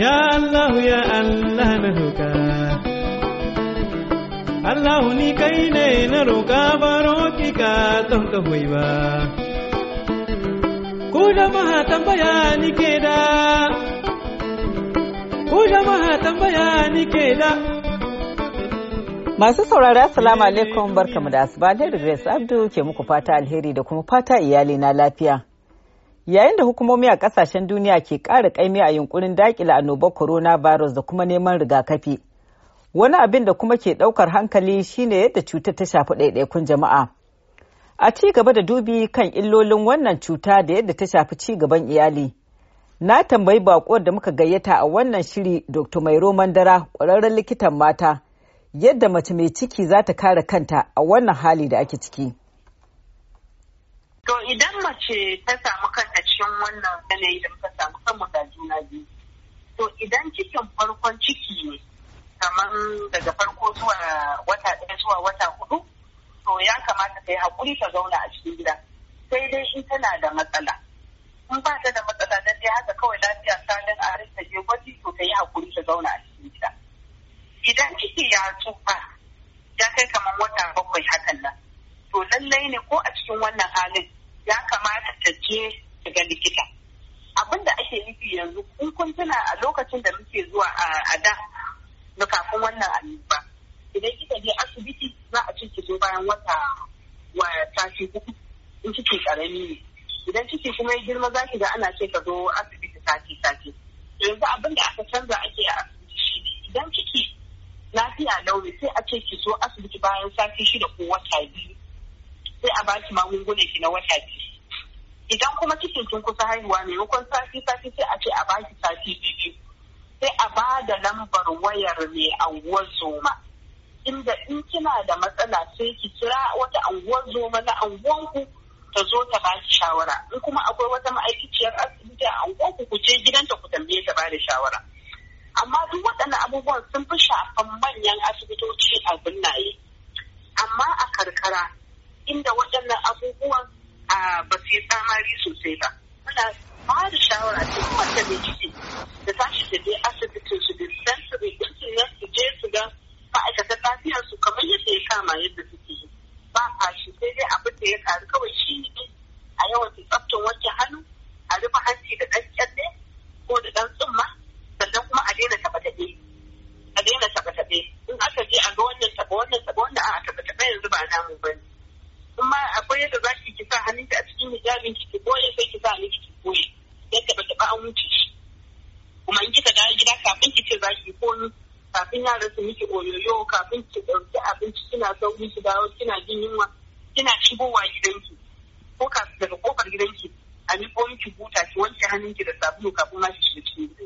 Ya Allah ya Allah na roƙa Allah ni kai ne na roƙa baro ki ka don ka ba da Ku tambaya ni ke Masu saurari Assalamu alaikum barkamu da asuba Grace Abdu ke muku fata alheri da kuma fata iyali na lafiya. Yayin da hukumomi a kasashen duniya ke ƙara ƙaimi a yunkurin daƙila annobar virus da kuma neman rigakafi. Wani abin da kuma ke ɗaukar hankali shine yadda cutar ta shafi ɗaiɗaikun jama'a. A ci gaba da dubi kan illolin wannan cuta da yadda ta shafi ci gaban iyali. Na tambayi baƙuwar da muka gayyata a wannan shiri Dr. Mairo Mandara, ƙwararren likitan mata, yadda mace mai ciki za ta kare kanta a wannan hali da ake ciki. To idan mace ta samu kanta cikin wannan yanayi da muka samu kanmu da juna biyu. To idan cikin farkon ciki ne kamar daga farko zuwa wata ɗaya zuwa wata hudu to ya kamata ta yi haƙuri ta zauna a cikin gida. Sai dai in tana da matsala. In ba ta da matsala dan dai haka kawai lafiya salin a ta je gwaji to ka yi haƙuri ta zauna a cikin gida. Idan ciki ya tsufa ya kai kamar wata bakwai je su ga likita abin da ake nufi yanzu kun kun tuna a lokacin da muke zuwa a da na kafin wannan annoba idan kika je asibiti za a ce zo bayan wata wa tashi hudu in kike karami ne idan kike kuma ya girma za ki ga ana ce ka zo asibiti sati sati yanzu abin da aka canza ake a asibiti shi ne idan kike lafiya launi sai a ce ki zo asibiti bayan sati shida ko wata biyu sai a ba ki magungunan ki na wata biyu idan kuma cikin kin kusa haihuwa maimakon sati sati sai a ce a baki sati biyu sai a ba da lambar wayar mai anguwar zoma inda in kina da matsala sai ki kira wata anguwar zoma na ku ta zo ta ba ki shawara in kuma akwai wata ma'aikaciyar asibiti a ku ku je gidanta ku tambaye ta ba da shawara amma duk waɗannan abubuwan sun fi shafan manyan asibitoci a binnaye amma a karkara inda waɗannan abubuwan ba su yi tsamari sosai ba muna ba da shawara duk wanda mai ciki da tashi da dai asibitin su da sensory din na su je su ga ma'aikatan lafiyarsu su kamar yadda ya kama yadda suke yi ba a shi sai dai abin da ya karu kawai shi ne a yawan tsaftar wanke hannu a rufe hanci da ɗan kafin yara su miki oyoyo kafin ki ɗauki abinci kina sauri su dawo kina jin yunwa kina shigowa gidanki ko kafin daga kofar gidanki a miƙo miki buta ki wanke hannunki da sabulu kafin ma shi shiga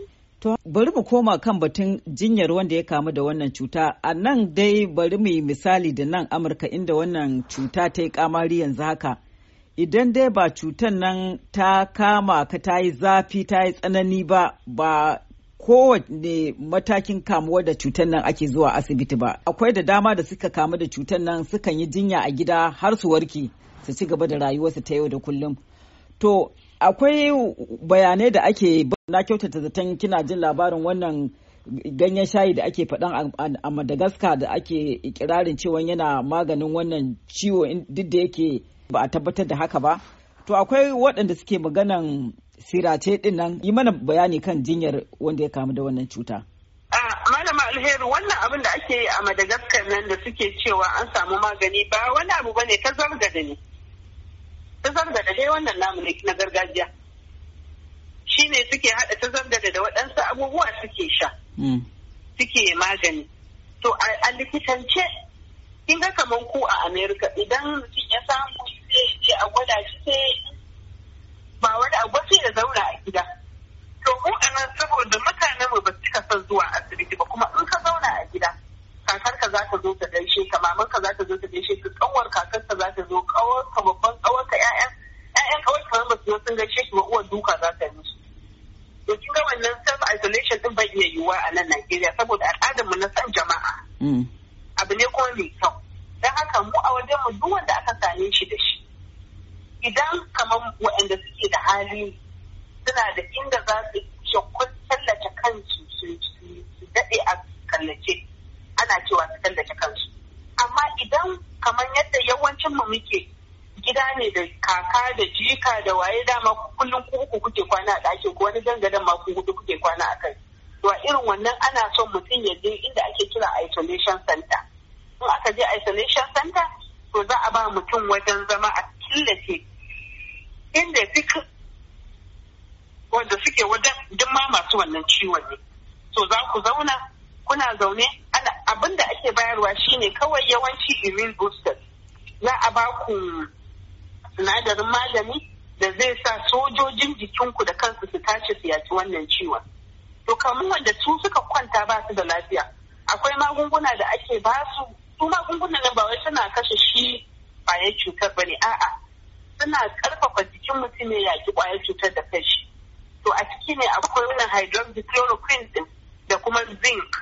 bari mu koma kan batun jinyar wanda ya kamu da wannan cuta. A nan dai bari mu yi misali da nan Amurka inda wannan cuta ta yi kamari yanzu haka. Idan dai ba cutar nan ta kama ka ta yi zafi ta yi tsanani ba, ba kowane matakin kamuwa da cutar nan ake zuwa asibiti ba akwai da dama da suka kamu da cutar nan sukan yi jinya a gida har su warke su ci gaba da rayuwarsu ta yau da kullum to akwai bayanai da ake na kyautata zaton kina jin labarin wannan ganyen shayi da ake faɗan a madagascar da ake ikirarin cewa yana maganin wannan ciwo duk da yake ba a tabbatar da haka ba to akwai waɗanda suke maganan sirace din nan yi mana bayani kan jinyar wanda ya kamu da wannan cuta. malama alheri wannan abin da ake yi a madagaskar nan da suke cewa an samu magani ba wani abu bane ta zargada ne ta zargada dai wannan namu ne na gargajiya shine suke haɗa ta zargada da waɗansu abubuwa suke sha hmm. suke magani to a likitance kin ga kamar ku a america idan mutum ya samu sai ya ce a gwada shi sai wannan self isolation din bai iya yiwuwa a nan Najeriya saboda al'adar mu na san jama'a mm. abu ne kuma mai kyau don haka mu a wajen mu duk wanda aka same shi da shi idan kamar waɗanda suke da hali suna da inda za su kun tallace kansu su daɗe a tallace ana cewa su tallace kansu amma idan kamar yadda yawancin mu muke gida ne da kaka da jika da waye dama kullum ku uku kuke kwana a ɗakin ko wani dangadan ma ku hudu kuke kwana a kai to a irin wannan ana son mutum ya je inda ake kira isolation center in aka je isolation center to za a ba mutum wajen zama a killace inda duk wanda suke wajen duk ma masu wannan ciwon ne to za ku zauna kuna zaune ana da ake bayarwa shine kawai yawanci immune booster. za a ba ku sinadarin malami da zai sa sojojin jikinku da kansu su tashi su yaki wannan ciwon to kamar wanda su suka kwanta ba su da lafiya akwai magunguna da ake ba su su magungunan nan ba wai suna kashe shi kwayar cutar ba ne a'a suna karfafa jikin mutum ya yaki kwayar cutar da kashi to a ciki ne akwai wannan hydroxychloroquine din da kuma zinc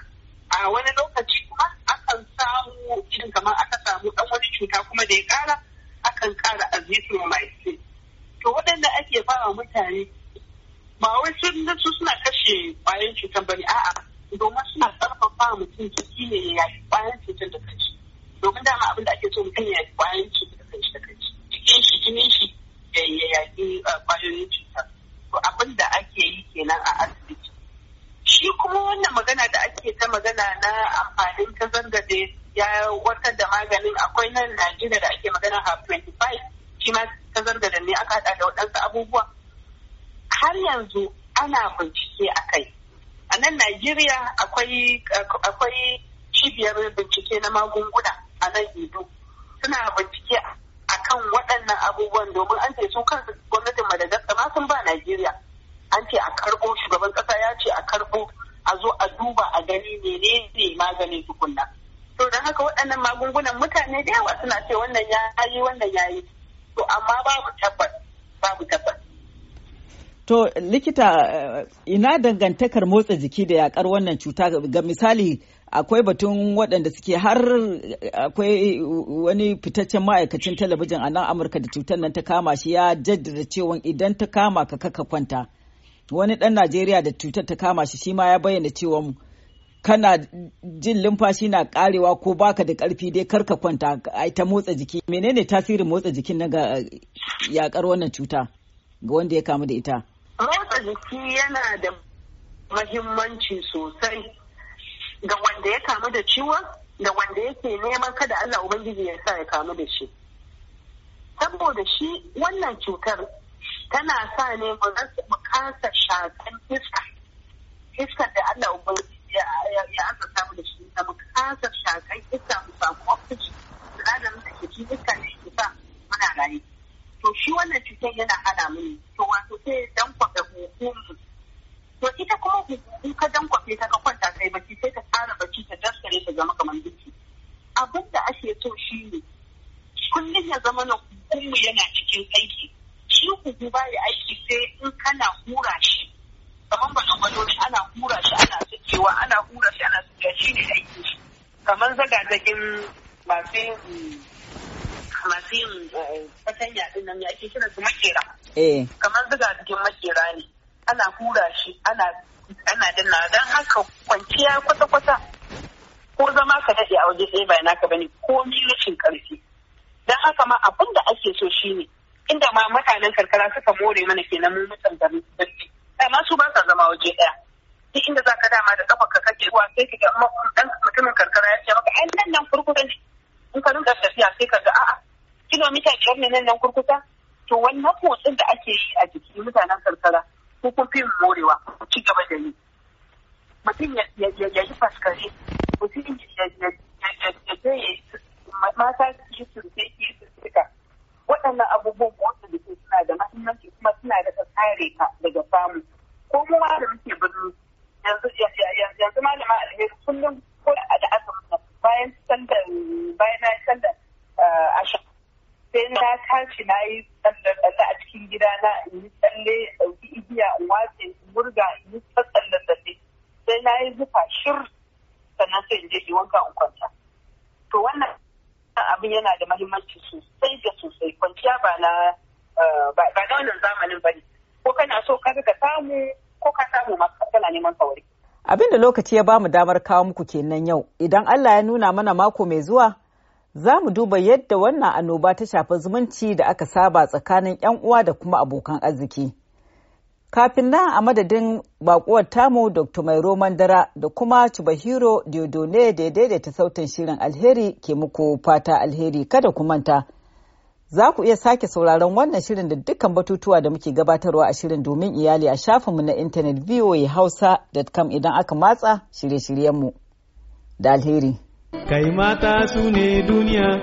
a wani lokaci kuma akan samu irin kamar aka samu ɗan wani cuta kuma da ya kara akan kara azithromycin to waɗanda ake fara mutane ba wai sun su suna kashe ƙwayan cutar bane a'a domin suna ƙarfafa mutum jiki ne ya yi ƙwayan cutar da kanshi domin dama abin da ake so mutum ya yi ƙwayan cutar da kanshi da kanshi jikin shi jinin shi ya yi eh, ƙwayoyin cutar to abin da ake yi kenan a asibiti shi kuma wannan magana da ake ta magana na amfanin ta zangade ya warkar da maganin akwai nan Najeriya da ake magana ha 25 shi ma zarga da ne aka hada da waɗansu abubuwa har yanzu ana bincike a kai a nan Najeriya akwai cibiyar bincike na magunguna a nan Edo suna bincike a kan waɗannan abubuwan domin an ce sun kansu gwamnatin Madagascar ma sun ba Najeriya an ce a karɓo. shugaban ƙasa ya ce a karɓo a zo a duba a gani menene maganin tukunna. to da haka waɗannan magungunan mutane da yawa suna ce wannan ya yi wannan ya yi to amma babu tabbas babu tabbas To likita ina dangantakar motsa jiki da yakar wannan cuta ga misali akwai batun waɗanda suke har akwai wani fitaccen ma'aikacin talabijin a nan Amurka da cutar nan ta kama shi ya jaddada cewa idan ta kama ka kaka kwanta. Wani ɗan Najeriya da cutar ta kama shi shi ma ya bayyana cewa mu. kana jin lumfashi na karewa ko baka da karfi dai karka kwanta ai ta motsa jiki menene tasirin motsa jikin na ga eh, yakar wannan cuta ga wanda ya kamu da ita motsa jiki yana da mahimmanci sosai ga wanda ya kamu da ciwon da wanda yake neman kada Allah ubangiji ya sa ya kamu da shi saboda shi wannan cutar tana sa ne mu kasa shakan iska iskar da Allah ubangiji ya azurta mu da shi da mu shakai iska mu da ke ne ke sa muna rayu to shi wannan yana alamune, to wato sai to ita kuma hukumu ka ka kwanta kai bacci sai ka kara bacci ta daskare ta zama kamar da ake so shi ne ya zama na yana cikin aiki shi hukumu ba ya aiki sai in kana hura kamar zagazagin masu yin masu yin eh, fatanya yaɗi nan ya ake kira su makera eh. kamar cikin makera ne ana hura shi ana ana danna don haka kwanciya kwata-kwata ko zama ka daɗe a waje ɗaya ba naka bane ko rashin ƙarfi don haka ma abin da ake so shi ne, inda ma mutanen karkara suka more mana kenan mu mutan da mu amma su ba sa zama waje ɗaya duk inda za ka dama da kafa ka kake ruwa sai ka ga dan mutumin karkara ya ce maka ai nan nan kurkusa ne in ka rinka tafiya sai ka ga a'a kilomita biyar ne nan nan kurkusa to wannan motsin da ake yi a jiki mutanen karkara ko kun fi morewa ko ci gaba da yi mutum ya yi faskare mutum ya yi mata yi surfe yi surfika waɗannan abubuwan motsa jiki suna da mahimmanci kuma suna da tsare ka daga samu yi wanka in kwanta to wannan abin yana da mahimmanci sosai da sosai kwanciya ba na eh, ba na wannan zamanin bane ko kana so ka ka samu ko ka samu maka kana neman kawari abin da lokaci ya bamu damar kawo muku kenan yau idan Allah ya nuna mana mako mai zuwa za mu duba yadda wannan annoba ta shafi zumunci da aka saba tsakanin 'yan uwa da kuma abokan arziki. Kafin nan a madadin bakuwar tamu Dr. Mai Roman Dara da kuma Cibahiro Diodone da daidaita sautin shirin alheri ke muku fata alheri kada ku manta. Za ku iya sake sauraron wannan shirin da dukkan batutuwa da muke gabatarwa a shirin domin iyali a shafinmu na intanet hausa.com idan aka matsa shirye-shiryenmu da alheri. Kai mata su ne duniya